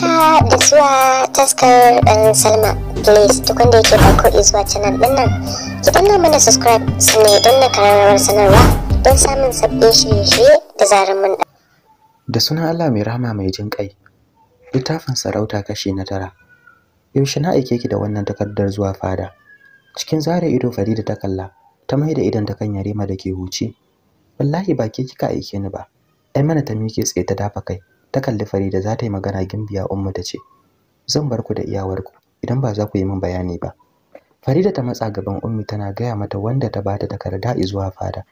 haka ah, da zuwa taskar ɗan um, salma please duk wanda yake farko izuwa canal ɗin nan ki danna mana subscribe sannan don na kararrawar sanarwa don samun sabbin shirye-shirye da zarar mun da sunan allah mai rahama mai jin kai littafin sarauta kashi na tara yaushe na aike ki da wannan takardar zuwa fada cikin zare ido farida ta kalla ta mai da idan ta kan yarima da ke huce wallahi ba ke kika aike ni ba ai mana ta miƙe tsaye ta dafa kai ta kalli Farida za ta yi magana gimbiya ummu ta ce zan bar ku da iyawarku idan ba za ku yi min bayani ba Farida ta matsa gaban ummi tana gaya mata wanda ta bata takarda zuwa fada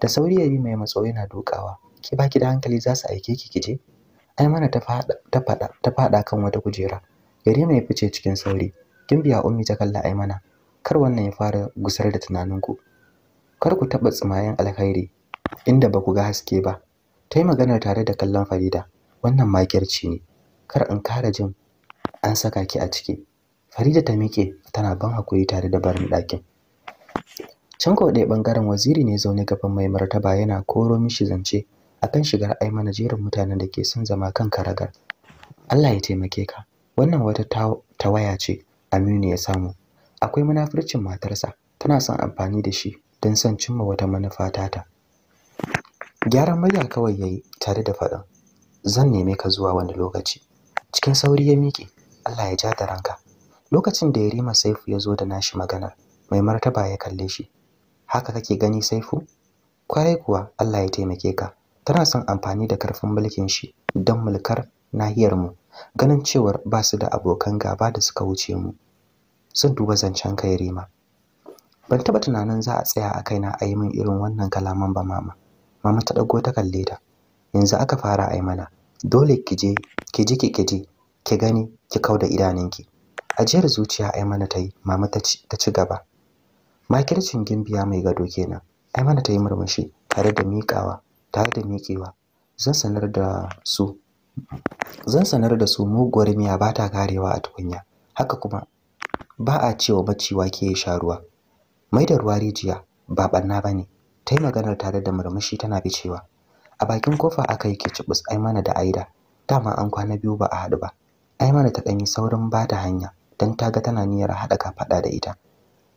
da sauri yayi mai matsau yana dokawa ki baki da hankali za su aike ki kije ai mana ta fada ta fada ta fada kan wata kujera gari mai fice cikin sauri gimbiya ummi ta kalla ai mana kar wannan ya fara gusar da tunaninku kar ku taba tsimayen alkhairi inda ba ku ga haske ba ta yi magana tare da kallon Farida wannan makirci ne kar in kara jin an saka ki a ciki Farida ta miƙe tana ban hakuri tare da barin ɗakin can ko ɗaya ɓangaren waziri ne zaune gaban mai martaba yana koro mishi zance akan shigar aimana jerin mutanen da ke son zama kan karagar Allah ya taimake ka wannan wata tawaya ce Aminu ya samu akwai munafurcin matarsa tana son amfani da shi don son cimma wata manufa ta. gyaran murya kawai yayi tare da faɗin zan neme ka zuwa wani lokaci cikin sauri ya miƙe Allah ya ja da ranka lokacin da Yarima Saifu ya zo da nashi maganar mai martaba ya kalle shi haka kake gani Saifu kwarai kuwa Allah ya taimake ka tana son amfani da karfin mulkin shi don mulkar nahiyar mu ganin cewar ba su da abokan gaba da suka wuce mu sun duba zancen ka Yarima ban taba tunanin za a tsaya a kaina a yi min irin wannan kalaman ba mama mama ta dago ta kalle ta yanzu aka fara ai mana dole ki je ki ji ki kiji ki gani ki da idanunki ajiyar zuciya aimana ta yi mama ta ci gaba makircin gimbiya mai gado kenan aimana ta yi murmushi tare da miƙawa tare da miƙewa zan sanar da su zan sanar da su muguwar miya ba ta karewa a tukunya haka kuma ba a cewa bacci ke yi sha ruwa mai da ruwa rijiya ba ɓanna ba ne ta yi maganar tare da murmushi tana bicewa a bakin kofa aka yi kicibus aimana da aida dama an kwana biyu ba a haɗu ba aimana ta ɗanyi saurin ba ta hanya don ta ga tana niyyar haɗa kafaɗa da ita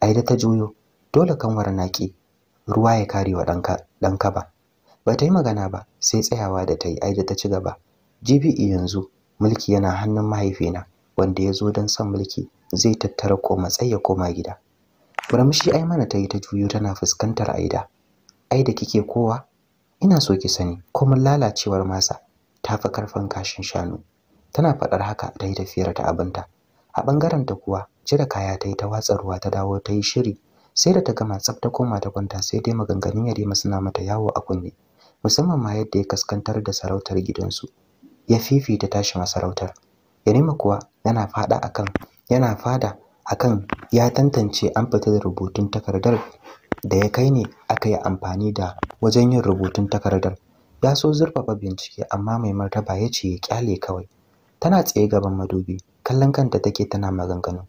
aida ta juyo dole kanwar naki ruwa ya kare wa ɗan kaba ba ta yi magana ba sai tsayawa da ta yi aida ta ci gaba gbe yanzu mulki yana hannun mahaifina wanda ya zo don son mulki zai tattara ko matsayi ya koma gida Furamishi Aimana ta yi ta juyo tana fuskantar Aida. Aida kike kowa? ina so ki sani kuma lalacewar masa ta fi karfin kashin shanu tana faɗar haka ta yi tafiyar ta abinta a ɓangaren ta kuwa cire kaya ta yi ta watsa ruwa ta dawo ta yi shiri sai da ta gama tsaf koma ta kwanta sai dai maganganun yarima suna mata yawo a kunne musamman ma yadda ya kaskantar da sarautar gidansu ya fifita tashi masarautar yarima kuwa yana fada akan yana fada akan ya tantance an fita da rubutun takardar da ya kai ne aka yi amfani da wajen yin rubutun takardar ya so zurfafa bincike amma mai martaba ya ce ya kyale kawai tana tsaye gaban madubi kallon kanta take tana maganganu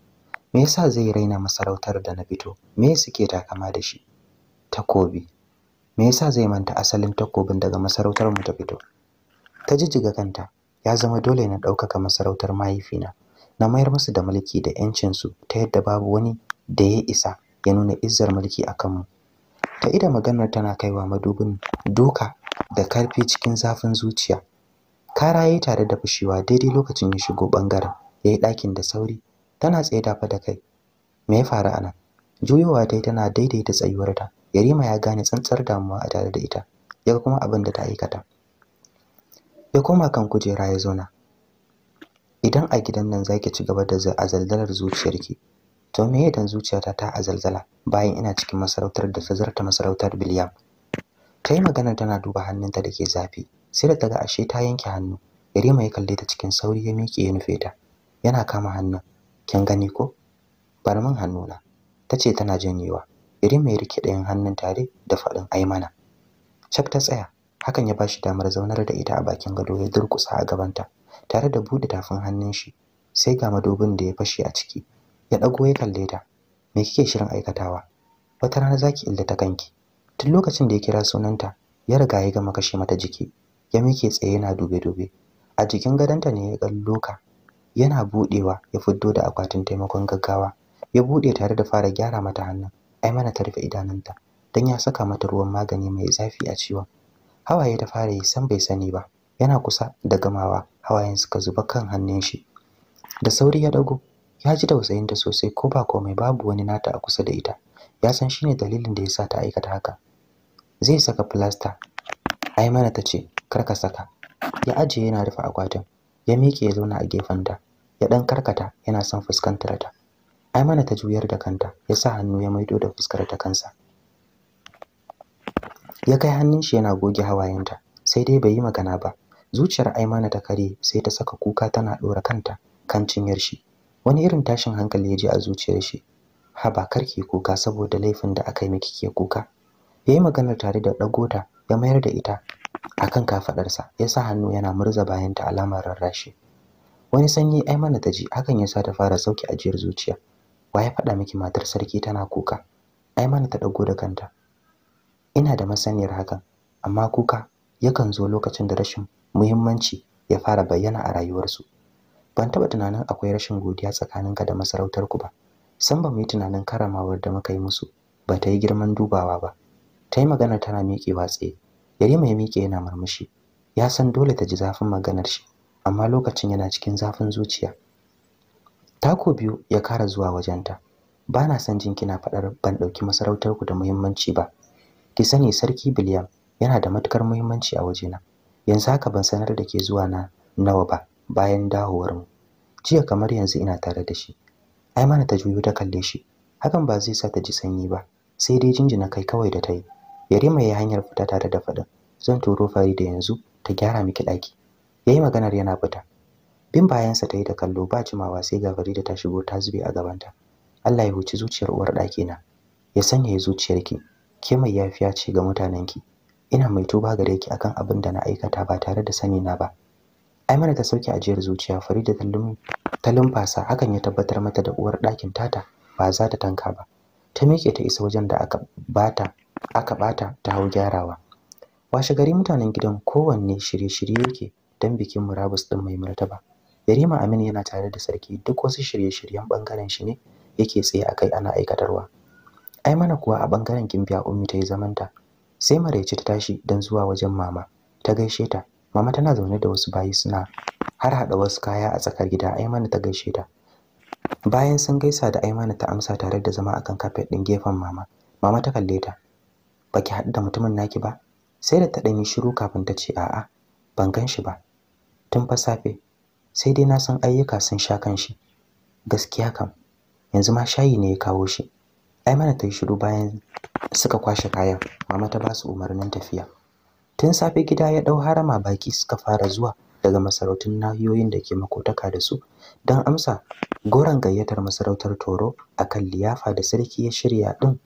me yasa zai raina masarautar da na fito me suke takama da shi takobi me yasa zai manta asalin takobin daga masarautar mu ta fito ta jijjiga kanta ya zama dole na ɗaukaka masarautar mahaifina na mayar musu da mulki da 'yancinsu ta yadda babu wani da ya isa ya nuna izzar mulki a kanmu ta ida maganar tana kaiwa madubin duka da karfi cikin zafin zuciya kara yayi tare da fushewa daidai lokacin ya shigo bangaren yi ɗakin da sauri tana tsaye dafa da kai me ya faru anan juyowa dai tana daidai daidaita tsayuwarta yarima ya gane tsantsar damuwa a tare da ita ya kuma abin da ta aikata ya koma kan kujera ya zauna idan a gidan nan zaki ci gaba da azalzalar zuciyarki to me idan zuciyata ta a azalzala bayan ina cikin masarautar da ta zarta masarautar biliyam ta yi magana tana duba hannunta da ke zafi sai da ta ashe ta yanke hannu iri mai kalle ta cikin sauri ya miƙe ya nufe ta yana kama hannun kin gani ko bar min hannuna ta ce tana janyewa iri mai rike ɗayan hannun tare da faɗin aimana cak ta tsaya hakan ya bashi damar zaunar da ita a bakin gado ya durkusa a gabanta tare da buɗe tafin hannun shi sai ga madobin da ya fashe a ciki ya ɗago ya kalle ta me kike shirin aikatawa wata rana zaki illata kanki tun lokacin da ya kira sunanta ya riga ya gama kashe mata jiki ya mike tsaye yana dube-dube a jikin gadonta ne ya kallo ka yana buɗewa ya fiddo da akwatin taimakon gaggawa ya buɗe tare da fara gyara mata hannun ai mana ta rufe idanunta dan ya saka mata ruwan magani mai zafi a ciwon hawaye ta fara yi san bai sani ba yana kusa da gamawa hawayen suka zuba kan hannun shi da sauri ya dago ya ji tausayinta sosai ko ba komai babu wani nata a kusa da ita ya san shine dalilin da ya sa ta aikata haka zai saka plaster ai mana ce, kar ka saka ya ajiye yana rufe akwatin ya miƙe ya zauna a gefen ta ya dan karkata yana son fuskantar ta ai mana ta juyar da kanta ya sa hannu ya maido da fuskar ta kansa ya kai hannun shi yana goge hawayenta sai dai bai yi magana ba zuciyar aimana ta kare sai ta saka kuka tana dora kanta kan cinyar shi wani irin tashin hankali ya ji a zuciyar shi haba karki kuka saboda laifin da aka yi miki ke kuka ya yi maganar tare da ɗagota ya mayar da ita a kan kafaɗarsa ya sa hannu yana murza bayanta alamar rarrashi wani sanyi ai mana ta ji hakan ya sa ta fara sauki ajiyar zuciya wa ya faɗa miki matar sarki tana kuka ai mana ta ɗago da kanta ina da masaniyar hakan amma kuka yakan zo lokacin da rashin muhimmanci ya fara bayyana a rayuwarsu ban taɓa tunanin akwai rashin godiya tsakaninka da masarautarku ba san ba mu tunanin karamawar da muka yi musu ba ta yi girman dubawa ba ta yi magana tana miƙewa tsaye yarima ya miƙe yana murmushi ya san dole ta ji zafin maganar shi amma lokacin yana cikin zafin zuciya tako biyu ya kara zuwa wajenta ba na son jin kina faɗar ban ɗauki masarautarku da muhimmanci ba ki sani sarki biliyam yana da matukar muhimmanci a wajena yanzu haka ban sanar da ke zuwa na nawa ba bayan dawowarmu jiya kamar yanzu ina tare da shi ai mana ta juyo ta kalle shi hakan ba zai sa ta ji sanyi ba sai dai jinjina kai kawai da ta yi yarima ya hanyar fita tare da faɗin zan turo fari da yanzu ta gyara miki ɗaki ya yi maganar yana fita bin bayansa ta yi da kallo ba jimawa sai ga farida ta shigo ta zube a gabanta allah ya huci zuciyar uwar ɗakina ya sanya zuciyarki ke mai yafiya ce ga mutanenki ina mai tuba gare ki akan abin da na aikata ba tare da sani na ba mana ta sauke ajiyar zuciya fari da lum ta lumfasa hakan ya tabbatar mata da uwar ɗakin tata ba za ta tanka ba. Ta miƙe ta isa wajen da aka bata aka bata ta hau gyarawa. Washe gari mutanen gidan kowanne shirye-shirye yake don bikin murabus ɗin mai martaba. Yarima Aminu yana tare da sarki duk wasu shirye-shiryen ɓangaren shi ne yake tsaye a kai ana aikatarwa. Ai mana kuwa a ɓangaren Gimbiya Ummi ta yi zamanta sai maraice ta tashi don zuwa wajen mama ta gaishe ta mama tana zaune da wasu bayi suna har hada wasu kaya a tsakar gida Aimanu ta gaishe ta bayan sun gaisa da aimana ta amsa tare da zama akan kafet din gefen mama mama ta kalle ta baki haɗu da mutumin naki ba sai da ta ɗanyi shiru kafin ta ce a'a ban gan shi ba tun fa safe sai dai na san ayyuka sun sha kan shi gaskiya kam yanzu ma shayi ne ya kawo shi Aimanu ta yi shiru bayan suka kwashe kayan mama ta ba su umarnin tafiya tun safe gida ya ɗau harama baki suka fara zuwa daga masarautun nahiyoyin da ke makotaka da su don amsa goron gayyatar masarautar toro a kan liyafa da sarki ya shirya din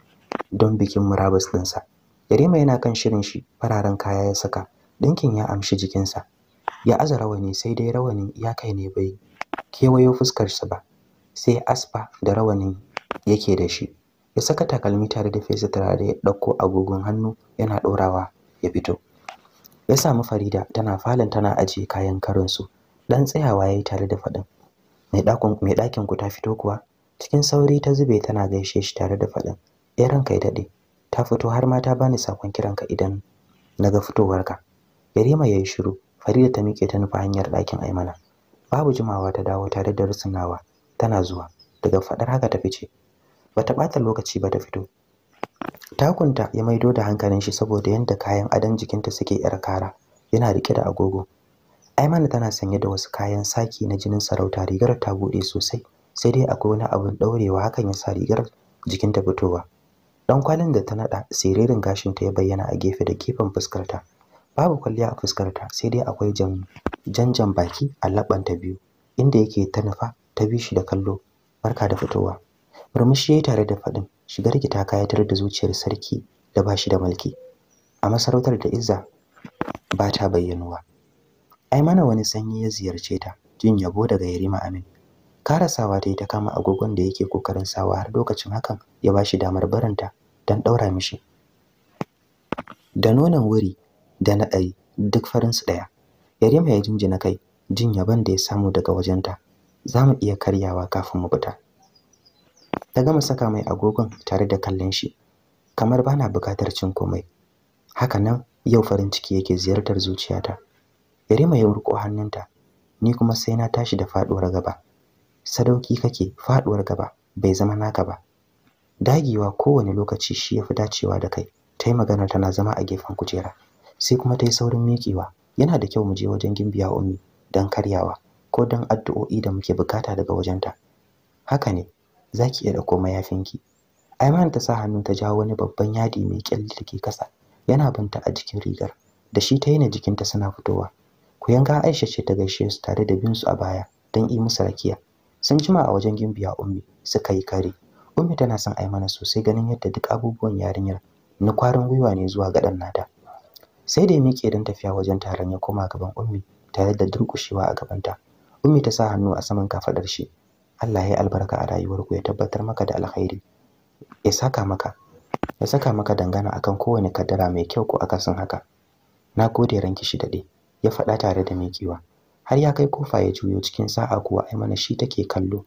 don bikin murabus ɗinsa yarima yana kan shirin shi fararen kaya ya saka ɗinkin ya amshi jikinsa ya aza rawani sai dai rawanin ya kai ne bai kewayo fuskarsa ba sai asfa da rawanin yake da shi ya saka takalmi tare da fesa tare ya ɗauko agogon hannu yana ɗorawa ya fito ya samu Farida tana falon tana ajiye kayan karin su dan tsayawa yayi tare da faɗin mai ɗakinku mai dakin ku ta fito kuwa cikin sauri ta zube tana gaishe shi tare da faɗin ya eh, ranka ya daɗe ta fito har ma ta bani sakon kiranka idan naga fitowarka Yarima yayi shiru Farida ta miƙe ta nufa hanyar ɗakin Aimana babu jimawa ta dawo tare da rusunawa tana zuwa daga faɗar haka ta fice bata ɓata lokaci ba ta fito takunta ya maido da hankalin shi saboda yadda kayan adon jikinta suke yar kara yana rike da agogo aimana tana sanye da wasu kayan saki na jinin sarauta rigar ta bude sosai sai dai akwai wani abu daurewa hakan yasa rigar jikinta fitowa dan kwalin da ta nada siririn gashin ta ya bayyana a gefe da gefen fuskarta babu kwalliya a fuskarta sai dai akwai jan janjan baki a labanta biyu inda yake ta nufa ta bi shi da kallo barka da fitowa murmushi yayi tare da fadin shigarki ta kayatar da zuciyar sarki da ba shi da mulki a masarautar da izza ba ta bayyanuwa ai mana wani sanyi ya ziyarce ta jin yabo daga yarima amin karasawa ta yi ta kama agogon da yake kokarin sawa har lokacin hakan ya ba shi damar baranta don ɗaura mishi da nonon wuri da na ɗari duk farin su ɗaya yarima ya jinjina kai jin yaban da ya samu daga wajenta za mu iya karyawa kafin mu fita ta gama saka mai agogon tare da kallon shi kamar bana bukatar cin komai haka nan yau farin ciki yake ziyartar zuciyata yarima ya riko hannunta ni kuma sai na tashi da faduwar gaba sadauki kake faduwar gaba bai zama naka ba dagewa kowane lokaci shi ya fi dacewa da kai ta yi magana tana zama a gefen kujera sai kuma ta saurin miƙewa yana da kyau mu je wajen gimbiya ummi dan karyawa ko don addu'o'i da muke bukata daga wajenta haka ne za ki iya ya ki aiman ta sa hannu ta jawo wani babban yadi mai kyalli da ke ƙasa yana binta a jikin rigar da shi ta yana jikinta suna fitowa ku yanga aisha ce ta gaishe su tare da binsu a baya don yi musu rakiya sun jima a wajen gimbiya ummi suka yi kare ummi tana son aimana sosai ganin yadda duk abubuwan yarinyar na kwarin gwiwa ne zuwa ga ɗan nata sai da ya miƙe don tafiya wajen taron ya koma gaban ummi tare da durƙushewa a gabanta ummi ta sa hannu a saman kafaɗar shi Allah ya yi albarka a rayuwarku ya tabbatar maka da alkhairi ya saka maka ya saka maka dangana akan kowane kaddara mai kyau ko akasin haka na gode ranki shi dade ya faɗa tare da kiwa har ya kai kofa ya juyo cikin sa'a kuwa ai mana shi take kallo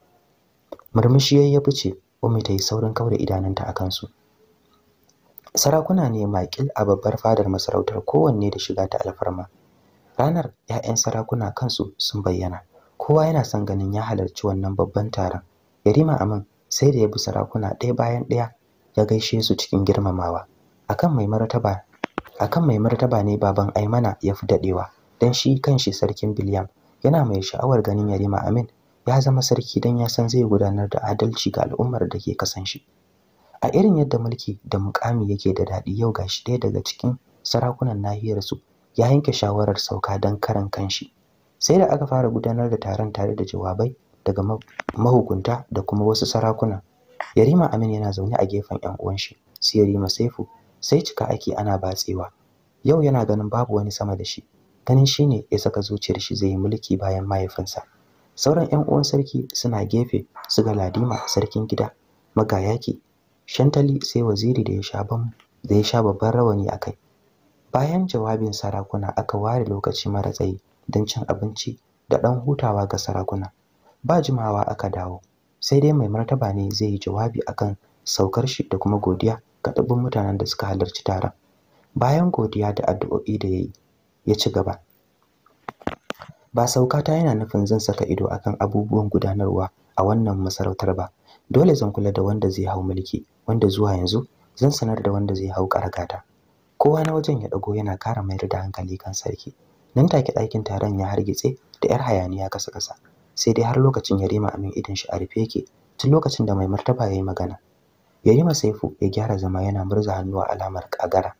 murmushi yayi ya fice ummi ta yi saurin kaure idananta akan su sarakuna ne makil a babbar fadar masarautar kowanne da shiga ta alfarma ranar 'ya'yan sarakuna kansu sun bayyana kowa yana son ganin ya halarci wannan babban taron yarima amin sai da ya bi sarakuna ɗaya bayan ɗaya ya gaishe su cikin girmamawa akan mai martaba akan mai martaba ne baban aimana ya fi daɗewa, don shi kanshi sarkin biliyam yana mai sha'awar ganin yarima amin ya zama sarki don ya san zai gudanar da adalci ga al'ummar da ke kasan shi a irin yadda mulki da mukami yake da daɗi yau gashi ɗaya daga cikin sarakunan nahiyar su ya yanke shawarar sauka don karan kanshi sai da aka fara gudanar da taron tare da jawabai daga mahukunta da kuma wasu sarakuna yarima amin yana zaune a gefen yan uwan shi su yarima saifu sai cika ake ana batsewa yau yana ganin babu wani sama da shi ganin shine ya saka zuciyar shi zai yi mulki bayan mahaifinsa sauran yan uwan sarki suna gefe su ga ladima sarkin gida magayaki shantali sai waziri da ya sha ban da ya sha babban rawani a kai. bayan jawabin sarakuna aka ware lokaci mara tsayi don cin abinci da ɗan hutawa ga sarakuna. Ba jimawa aka dawo, sai dai mai martaba ne zai yi jawabi akan saukar shi da kuma godiya ga ɗumbin mutanen da suka halarci taron. Bayan godiya da addu'o'i da ya yi, ya ci gaba. Ba saukata yana nufin zan saka ido akan abubuwan gudanarwa a wannan masarautar ba. Dole zan kula da wanda zai hau mulki, wanda zuwa yanzu zan sanar da wanda zai hau karagata. Kowa na wajen ya ɗago yana kara mayar da hankali kan sarki. nan take ɗakin taron ya hargitse da yar hayaniya kasa kasa sai dai har lokacin yarima amin idan shi a rufe yake tun lokacin da mai martaba ya yi magana yarima saifu ya gyara zama yana murza hannuwa alamar kagara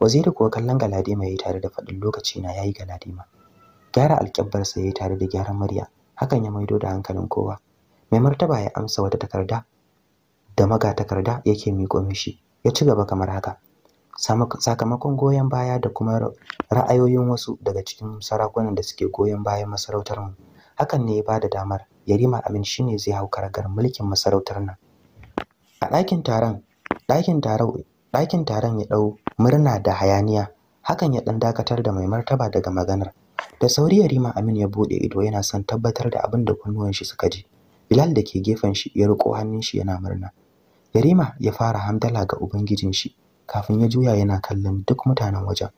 waziri kuwa kallon galadima ya yi tare da faɗin lokaci na ya yi galadima gyara alƙyabbarsa ya yi tare da gyaran murya hakan ya maido da hankalin kowa mai martaba ya amsa wata takarda da magatakarda yake miƙo mishi ya ci gaba kamar haka sakamakon goyon baya da kuma ra'ayoyin wasu daga cikin sarakunan da suke goyon bayan masarautar mu hakan ne ya bada damar yarima amin shine zai hau karagar mulkin masarautar nan a ɗakin taron ɗakin taron ɗakin taron ya ɗau murna da hayaniya hakan ya ɗan dakatar da mai martaba daga maganar da sauri yarima amin ya buɗe ido yana son tabbatar da abin da kunnuwan shi suka ji bilal da ke gefen shi ya riƙo hannun shi yana murna yarima ya fara hamdala ga ubangijin shi kafin ya juya yana kallon duk mutanen wajen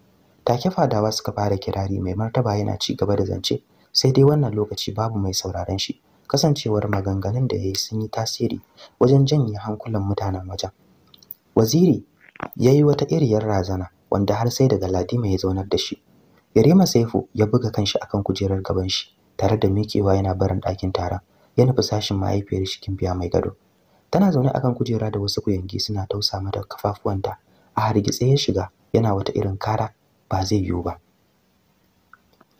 take fadawa suka fara kirari mai martaba yana ci gaba da zance sai dai wannan lokaci babu mai sauraron shi kasancewar maganganun da ya yi sun yi tasiri wajen janye hankulan mutanen wajen waziri ya yi wata iriyar razana wanda har sai daga ladima ya zaunar da shi yarima saifu ya buga kanshi akan kujerar gaban shi tare da mikewa yana barin ɗakin taron ya nufi sashin mahaifiyar shi biya mai gado tana zaune akan kujera da wasu kuyangi suna tausa mata kafafuwanta a hargitse ya shiga yana wata irin kara ba zai yiwu ba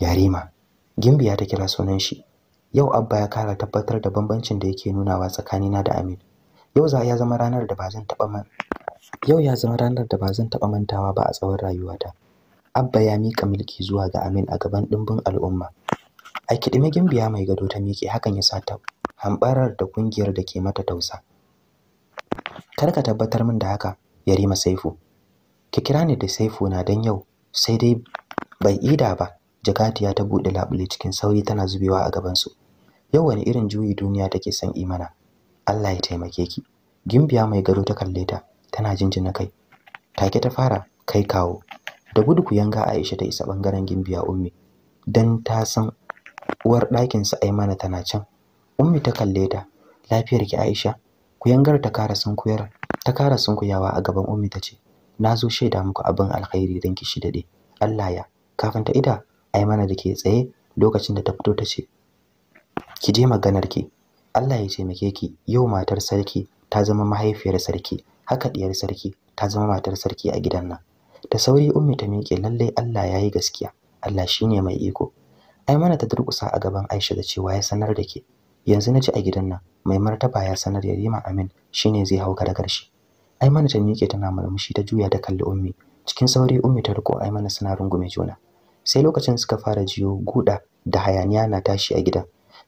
yarima gimbiya ta kira sunan shi yau abba ya kara tabbatar da bambancin da yake nunawa na da amin yau za ya zama ranar da ba zan taba man yau ya zama ranar da ba zan taba mantawa ba a tsawon rayuwata abba ya mika mulki zuwa ga amin a gaban dimbin al'umma a kidime gimbiya mai gado ta miƙe hakan ya sa ta hambarar da kungiyar da ke mata tausa kar ka tabbatar min da haka yarima saifu ki kira ni da saifo na dan yau sai dai bai ida ba jakatiya ta bude labule cikin sauri tana zubewa a gaban su yau wani irin juyi duniya take son imana Allah ya taimake ki gimbiya mai gado ta kalle ta tana jinjina kai take ta fara kai kawo da gudu ku yanga Aisha ta isa bangaren gimbiya ummi dan ta san uwar ɗakin su Aimana tana can ummi ta kalle ta lafiyar ki Aisha ku yangar ta kara sunkuyar ta kara sunkuyawa a gaban ummi ta ce na zo shaida muku abin alkhairi don ki shi daɗe Allah ya kafin ta ida ai mana da ke tsaye lokacin da ta fito ta ce ki je maganar ki Allah ya taimake ki yau matar sarki ta zama mahaifiyar sarki haka diyar sarki ta zama matar sarki a gidan nan da sauri ummi ta miƙe lalle Allah ya yi gaskiya Allah shine mai iko ai mana ta durƙusa a gaban Aisha da cewa ya sanar da ke yanzu na ji a gidan nan mai martaba ya sanar ya rima amin shine zai hauka da karshe Aimana ta miƙe tana murmushi ta juya da kalli Ummi. Cikin sauri Ummi ta riko Aimana suna rungume juna. Sai lokacin suka fara jiyo guda da hayaniya na tashi a gidan.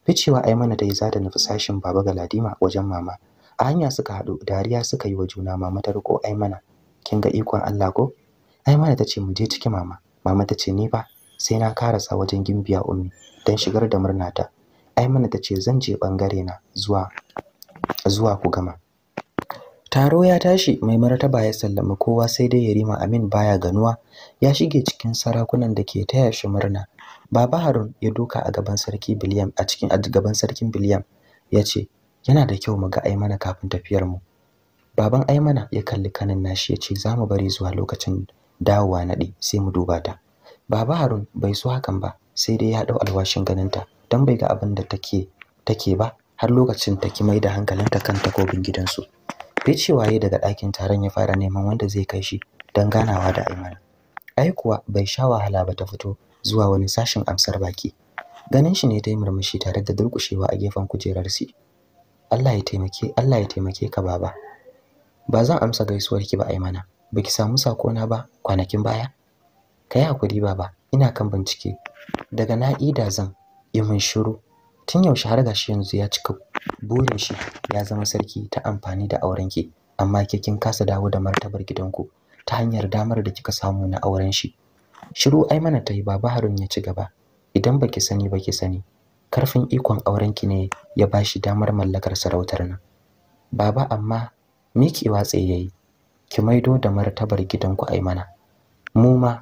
Ficewa Aimana ta yi zata nufi sashin Baba Galadima wajen mama. A hanya suka haɗu, dariya suka yi wa juna mama ta riko Aimana. Kin ga ikon Allah ko? Aimana ta ce mu je ciki mama. Mama ta ce ni ba sai na karasa wajen gimbiya Ummi don shigar da murnata. ta. Aimana ta ce zan je ɓangare na zuwa zuwa ku gama. Taro ya tashi mai martaba ya sallama kowa sai dai Yarima Amin baya ganuwa ya shige cikin sarakunan da ke taya shi murna. Baba Harun ya duka a gaban sarki Biliyam a cikin a gaban sarkin Biliyam ya ce yana da kyau mu ga Aimana kafin tafiyar mu. Baban Aimana ya kalli kanin nashi ya ce za mu bari zuwa lokacin dawowa naɗi sai mu duba ta. Baba Harun bai so hakan ba sai dai ya ɗau alwashin ganinta don bai ga abin da take take ba har lokacin ta ki mai da hankalinta kan takobin gidansu. Ricewa waye daga ɗakin taron ya fara neman wanda zai kai shi don ganawa da Aiman. Ai kuwa bai sha wahala ba ta fito zuwa wani sashin amsar baki. Ganin shi ne ta yi murmushi tare da durƙushewa a gefen kujerar si. Allah ya taimake, Allah ya taimake ka baba. Ba zan amsa gaisuwar ki ba Aimana. Baki samu sako na ba kwanakin baya? Kai hakuri baba, ina kan bincike. Daga na'ida zan yi mun shiru tun yaushe har gashi yanzu ya cika burin shi ya zama sarki ta amfani da auren ki amma ke kin kasa dawo da martabar gidanku ta hanyar damar da kika samu na auren shi shiru ai mana tai baba harun ya ci gaba idan baki sani baki sani karfin ikon auren ki ne ya bashi damar mallakar sarautar nan baba amma miki watse yayi ki maido da martabar gidanku ai mana mu ma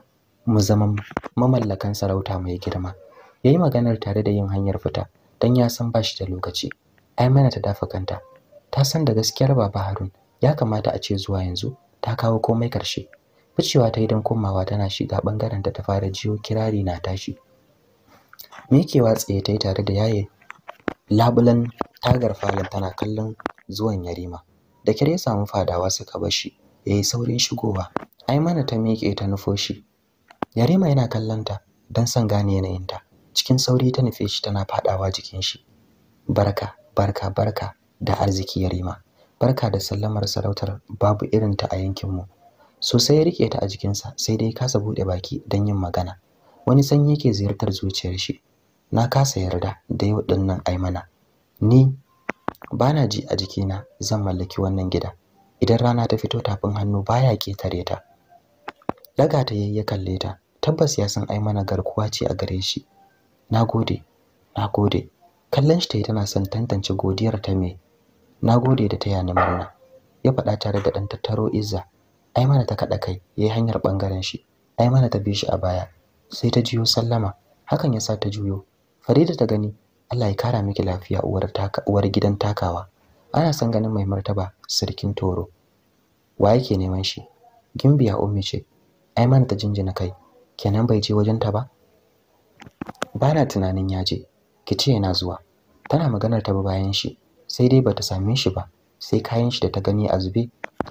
mu zama mamallakan sarauta mai girma yayi maganar tare da yin hanyar fita dan ya san ba shi da lokaci ai mana ta dafa kanta ta san da gaskiyar baba Harun ya kamata a ce zuwa yanzu ta kawo komai karshe ficewa ta idan komawa tana shiga bangaren da ta fara jiyo kirari na tashi mikewa watsa ta yi tare da yaye labulan tagar falon tana kallon zuwan yarima da kyar ya samu fadawa suka bar shi ya saurin shigowa ai mana ta miƙe ta nufoshi. yarima yana kallon ta don son gane yanayinta cikin sauri ta nufe shi tana fadawa jikin shi barka barka barka da arziki yarima barka da sallamar sarautar babu irin ta a yankinmu. sosai ya rike ta a jikinsa sai dai kasa bude baki don yin magana wani sanyi yake ziyartar zuciyar shi na kasa yarda da yau din nan ai mana ni bana ji a jikina zan mallaki wannan gida idan rana ta fito tafin hannu baya ketare ta daga ta yayye kalle ta tabbas ya san ai mana garkuwa ce a gare shi na gode na gode kallon shi ta yi tana son tantance godiyar ta me na gode da ta ni murna ya faɗa tare da ɗan tattaro izza ai mana ta kaɗa kai yayi hanyar ɓangaren shi ai mana ta bi shi a baya sai ta jiyo sallama hakan ya sa ta juyo farida ta gani Allah ya kara miki lafiya uwar taka uwar gidan takawa ana son ganin mai martaba sirkin toro wa yake neman shi gimbiya ummi ce ai mana ta jinjina kai kenan bai je wajenta ba bana tunanin ya je ki ce yana zuwa tana maganar ta bayan shi sai dai bata same shi ba sai kayan shi da ta gani a zube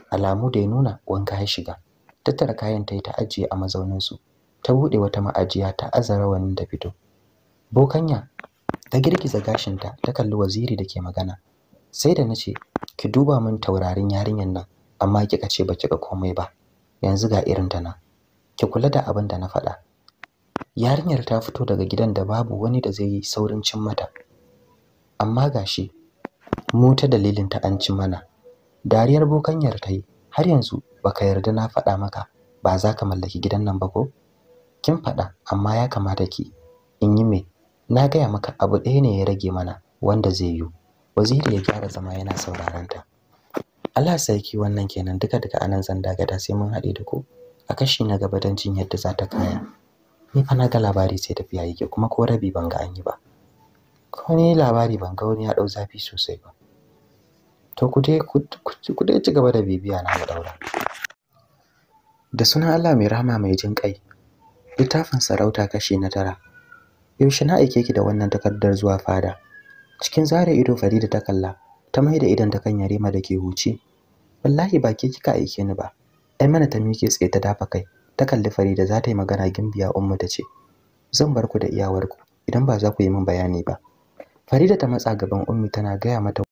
alamu da ya nuna wanka ya shiga tattara kayan ta yi ta ajiye a mazaunin su ta bude wata ma'ajiya ta azara wani da fito bokanya ta girgiza gashin ta ta kalli waziri da ke magana sai da nace ki duba min taurarin yarinyar nan amma kika ce ba kika komai ba yanzu ga irin ta na ki kula da abin da na faɗa yarinyar ta fito daga gidan da babu wani da zai yi saurin cin mata amma gashi mu ta dalilin ta an ci mana dariyar bokanyar ta yi har yanzu baka yarda na faɗa maka ba za ka mallaki gidan nan ba ko kin faɗa amma ya kamata ki in yi me na gaya maka abu ɗaya ne ya rage mana wanda zai yiwu waziri ya gyara zama yana sauraron ta Allah sarki wannan kenan duka duka anan zan dagata sai mun haɗe da ku a kashi na gaba don jin yadda za ta kaya ni fa na ga labari sai tafiya yake kuma ko rabi ban ga anyi ba ko ni labari ban ga wani ya dau zafi sosai ba to ku dai ku dai ci gaba da bibiya na mu daura da sunan Allah mai rahama mai jin kai littafin sarauta kashi na tara yaushe na aike ki da wannan takardar zuwa fada cikin zare ido Farida ta kalla ta mai da idan ta kan yarima da ke huci wallahi ba ke kika aike ni ba ai mana ta mike tsaye ta dafa kai ta kalli Farida za ta yi magana gimbiya ummu ta ce zan bar ku da iyawarku idan ba za ku yi min bayani ba Farida ta matsa gaban ummi tana gaya mata